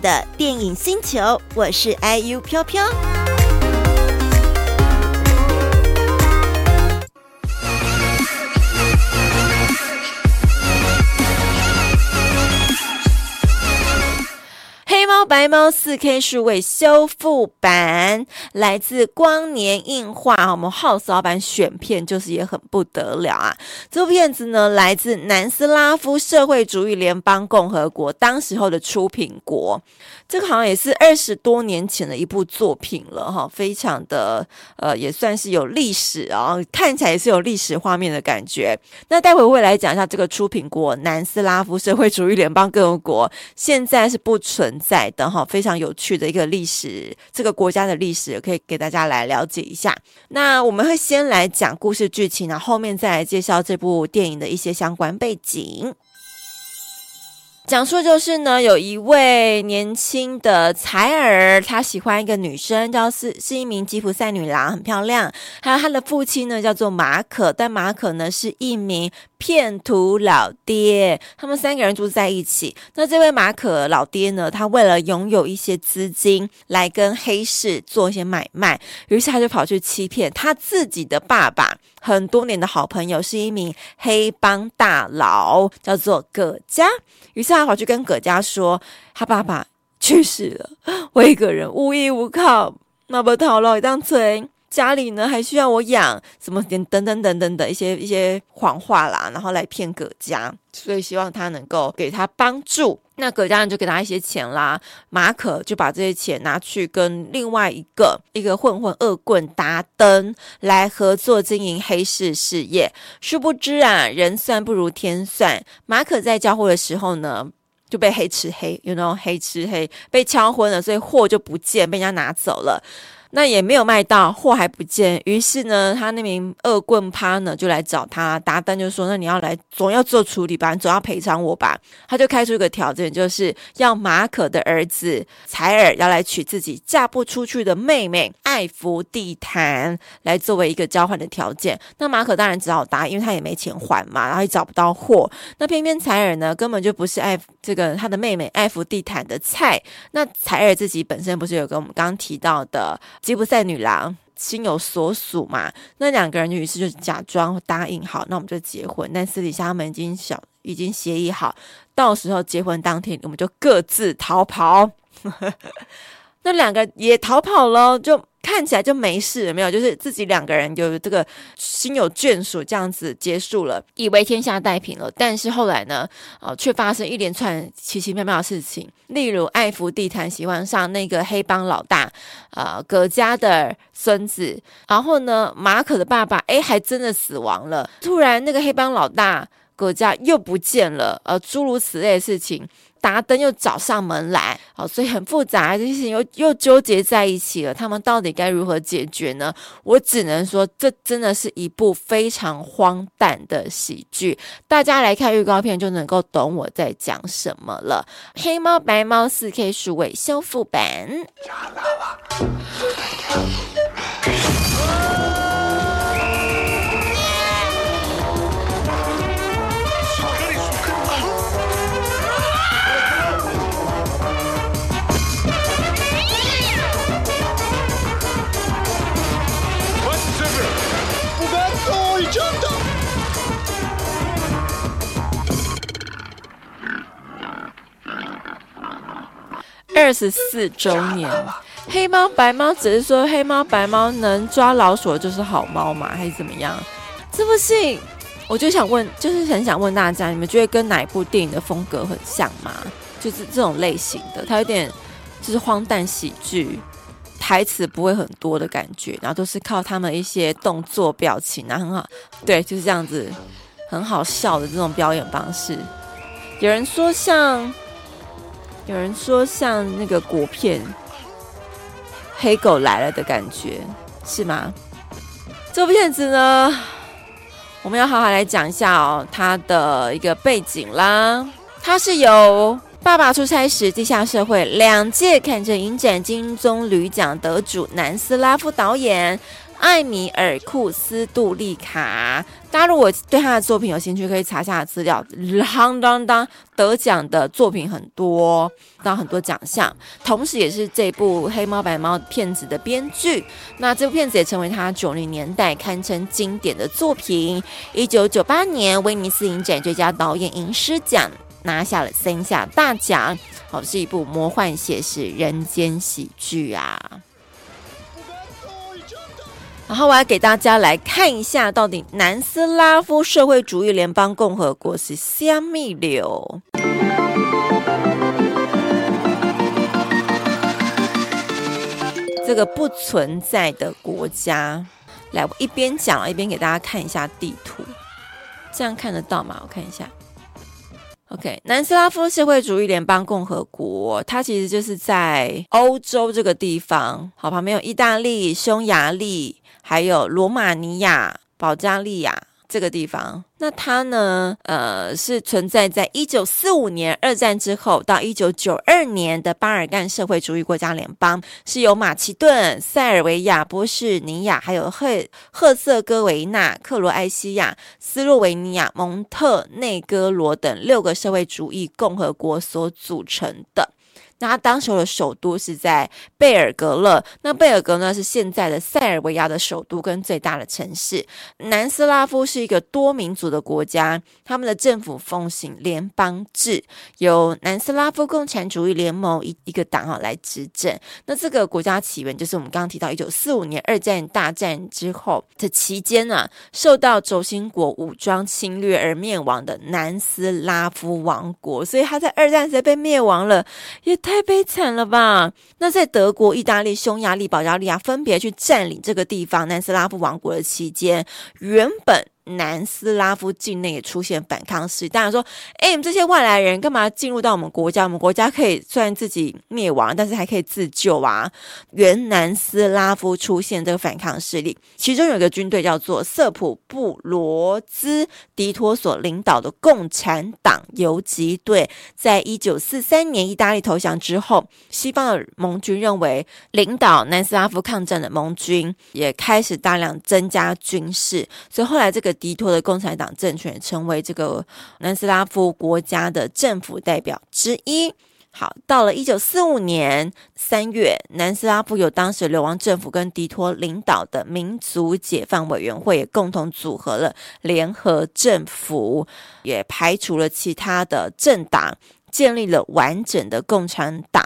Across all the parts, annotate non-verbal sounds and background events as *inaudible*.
的電影《星球》，我是 IU 飄飄。.黑貓 4K 數位修復版，來自光年映畫。我們 House 老板選片就是也很不得了啊！這部片子呢，來自南斯拉夫社會主義聯邦共和國，當時候的出品國。這個好像也是二十多年前的一部作品了哈，非常的呃，也算是有歷史啊、哦，看起來也是有歷史畫面的感覺。那待會我會來講一下這個出品國——南斯拉夫社會主義聯邦共和國，現在是不存在的。好，非常有趣的一個歷史，這個國家的歷史可以給大家來了解一下。那我們會先來講故事劇情，然後後面再來介紹這部電影的一些相關背景。講述就是呢，有一位年輕的采兒，他喜歡一個女生，叫是是一名吉普賽女郎，很漂亮。還有他的父親呢，叫做馬可，但馬可呢是一名騙徒老爹。他們三個人住在一起。那這位馬可老爹呢，他為了擁有一些資金來跟黑市做一些買賣，於是他就跑去欺騙他自己的爸爸很多年的好朋友，是一名黑幫大佬，叫做葛加。於是。他跑去跟葛加說，他爸爸去世了，我一個人無依無靠，那不逃到一張床。家裡呢還需要我養，什麼等等等等等的一些一些謊話啦，然後來騙葛加，所以希望他能夠給他幫助。那葛加呢就給他一些錢啦，馬可就把這些錢拿去跟另外一個一個混混惡棍達登來合作經營黑市事業。殊不知啊，人算不如天算，馬可在交貨的時候呢就被黑吃黑，有那種黑吃黑被敲昏了，所以貨就不見，被人家拿走了。那也沒有賣到，貨還不見。於是呢,他那名惡棍趴呢就來找他達登，答就說：“那你要來，總要做處理吧，你總要賠償我吧。”他就開出一個條件，就是要馬可的兒子采耳要來娶自己嫁不出去的妹妹艾芙蒂塔來作為一個交換的條件。那馬可當然只好答，因為他也沒錢還嘛，然後也找不到貨。那偏偏采耳呢，根本就不是艾這個他的妹妹艾芙蒂塔的菜。那采耳自己本身不是有跟我們剛，剛提到的？吉普賽女郎心有所屬嘛，那兩個人就於是就假裝答應，好，那我們就結婚。但私底下他們已經想，已經協議好，到時候結婚當天，我們就各自逃跑。 *laughs* 那兩個也逃跑了，就。看起來就沒事，沒有，就是自己兩個人有這個心有眷屬這樣子結束了，以為天下太平了。但是後來呢，啊、呃，卻發生一連串奇奇妙妙的事情，例如艾福地毯喜歡上那個黑幫老大，呃，葛加的孫子。然後呢，馬可的爸爸，哎、欸，還真的死亡了。突然，那個黑幫老大。國家又不見了，呃，諸如此類的事情，達登又找上門來，好、呃，所以很複雜，這些事情又又糾結在一起了。他們到底該如何解決呢？我只能說，這真的是一部非常荒誕的喜劇。大家來看預告片就能夠懂我在講什麼了。黑貓白貓四 K 數位修復版。二十四週年，黑貓白貓只是說黑貓白貓能抓老鼠的就是好貓嗎？還是怎麼樣？這部戲我就想問，就是很想問大家，你們覺得跟哪一部電影的風格很像嗎？就是這種類型的，它有點就是荒誕喜劇，台詞不會很多的感覺，然後都是靠他們一些動作表情、啊，然後很好，對，就是這樣子很好笑的這種表演方式。有人說像。有人說像那個國片《黑狗來了》的感覺是嗎？這部片子呢，我們要好好來講一下哦，它的一個背景啦。它是由爸爸出差時，地下社會兩屆坎城影展金棕櫚獎得主南斯拉夫導演。艾米爾·庫斯杜利卡，大家如果對他的作品有興趣，可以查一下資料。啷噹噹得獎的作品很多，得很多獎項，同時也是這部《黑貓白貓》片子的編劇。那這部片子也成為他九零年代堪稱經典的作品。一九九八年，威尼斯影展最佳導演銀獅獎拿下了三項大獎。好，是一部魔幻寫實人間喜劇啊。然後我要給大家來看一下，到底南斯拉夫社會主義聯邦共和國是蝦米流？這個不存在的國家。來，我一邊講，我一邊給大家看一下地圖，這樣看得到嗎？我看一下。OK, 南斯拉夫社會主義聯邦共和國，它其實就是在歐洲這個地方，好，旁邊有意大利、匈牙利，還有羅馬尼亞、保加利亞。這個地方，那它呢？呃，是存在在一九四五年二戰之後到一九九二年的巴爾幹社會主義國家聯邦，是由馬其頓、塞爾維亞、波士尼亞、還有赫赫塞哥維納、克羅埃西亞、斯洛維尼亞、蒙特內哥羅等六個社會主義共和國所組成的。那他當時的首都是在貝爾格勒，那貝爾格呢是現在的塞爾維亞的首都跟最大的城市。南斯拉夫是一個多民族的國家，他們的政府奉行聯邦制，由南斯拉夫共產主義聯盟一一個黨啊來執政。那這個國家起源就是我們剛剛提到，一九四五年二戰大戰之後這期間呢，啊，受到軸心國武裝侵略而滅亡的南斯拉夫王國，所以他在二戰時被滅亡了，因為他。太悲慘了吧！那在德國、意大利、匈牙利、保加利亞分別去占領這個地方，南斯拉夫王國的期間，原本。南斯拉夫境內也出現反抗勢力，大家說：“哎，你們這些外來人幹嘛進入到我們國家？我們國家可以雖然自己滅亡，但是還可以自救啊！”原南斯拉夫出現這個反抗勢力，其中有一個軍隊叫做瑟普布羅茲迪托所領導的共產黨游擊隊。在一九四三年，意大利投降之後，西方的盟軍認為領導南斯拉夫抗戰的盟軍也開始大量增加軍事，所以後來這個。迪托的共產黨政權成為這個南斯拉夫國家的政府代表之一。好，到了一九四五年三月，南斯拉夫有當時流亡政府跟迪托領導的民族解放委員會也共同組合了聯合政府，也排除了其他的政黨，建立了完整的共產黨。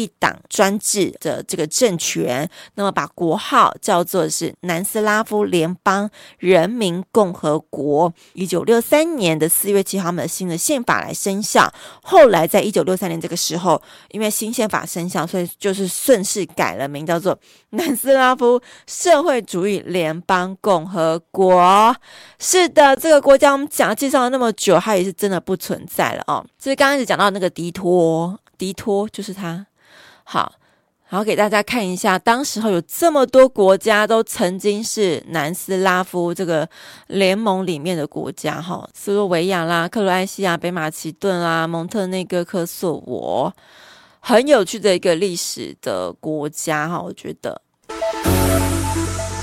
一黨專制的這個政權，那麼把國號叫做是南斯拉夫聯邦人民共和國。一九六三年的四月七號，我們的新的憲法來生效。後來在一九六三年這個時候，因為新憲法生效，所以就是順勢改了名，叫做南斯拉夫社會主義聯邦共和國。是的，這個國家我們講的介紹了那麼久，它也是真的不存在了哦。就是剛開始講到那個迪托，哦，迪托就是他。好好給大家看一下，當時候有這麼多國家都曾經是南斯拉夫這個聯盟裡面的國家，哈，斯洛維亞啦、克羅埃西亞、北馬其頓啦、蒙特內哥、科索沃，很有趣的一個歷史的國家，哈，我覺得。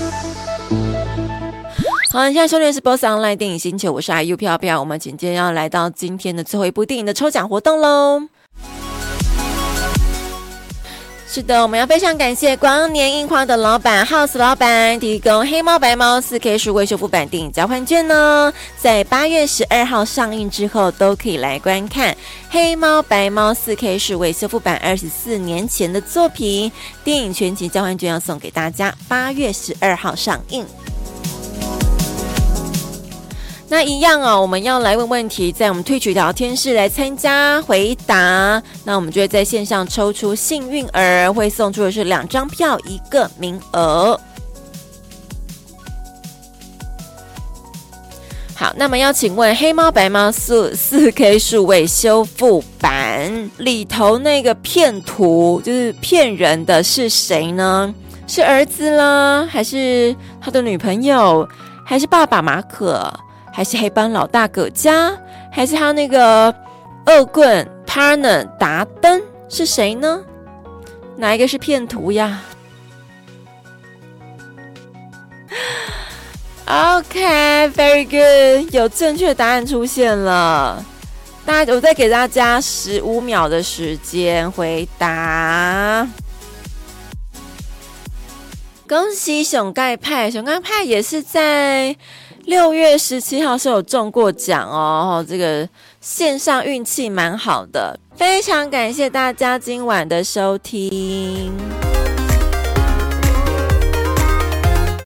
*music* 好，現在收錄的是 Boss Online 電影星球，我是 IU 飄飄，我們緊接着要來到今天的最後一部電影的抽獎活動嘍。是的，我們要非常感謝光年映畫的老板 House 老板提供《黑貓白貓》4K 數位修復版電影交換券呢，在八月十二號上映之後，都可以來觀看《黑貓白貓》4K 數位修復版二十四年前的作品電影全集交換券，要送給大家，八月十二號上映。那一樣哦，我們要來問問題，在我們 Twitch 聊天室來參加回答，那我們就會在線上抽出幸運兒，會送出的是兩張票，一個名額。好，那麼要請問黑貓貓《黑貓白貓》四四 K 數位修復版裡頭那個騙徒就是騙人的是誰呢？是兒子啦，還是他的女朋友，還是爸爸馬可？還是黑幫老大葛加，還是他那個惡棍 partner 達登是誰呢？哪一個是騙徒呀？OK，Very、okay, good，有正確答案出現了。大家，我再給大家十五秒的時間回答。恭喜熊蓋派，熊蓋派也是在。六月十七號是有中過獎哦，這個線上運氣蠻好的。非常感謝大家今晚的收聽。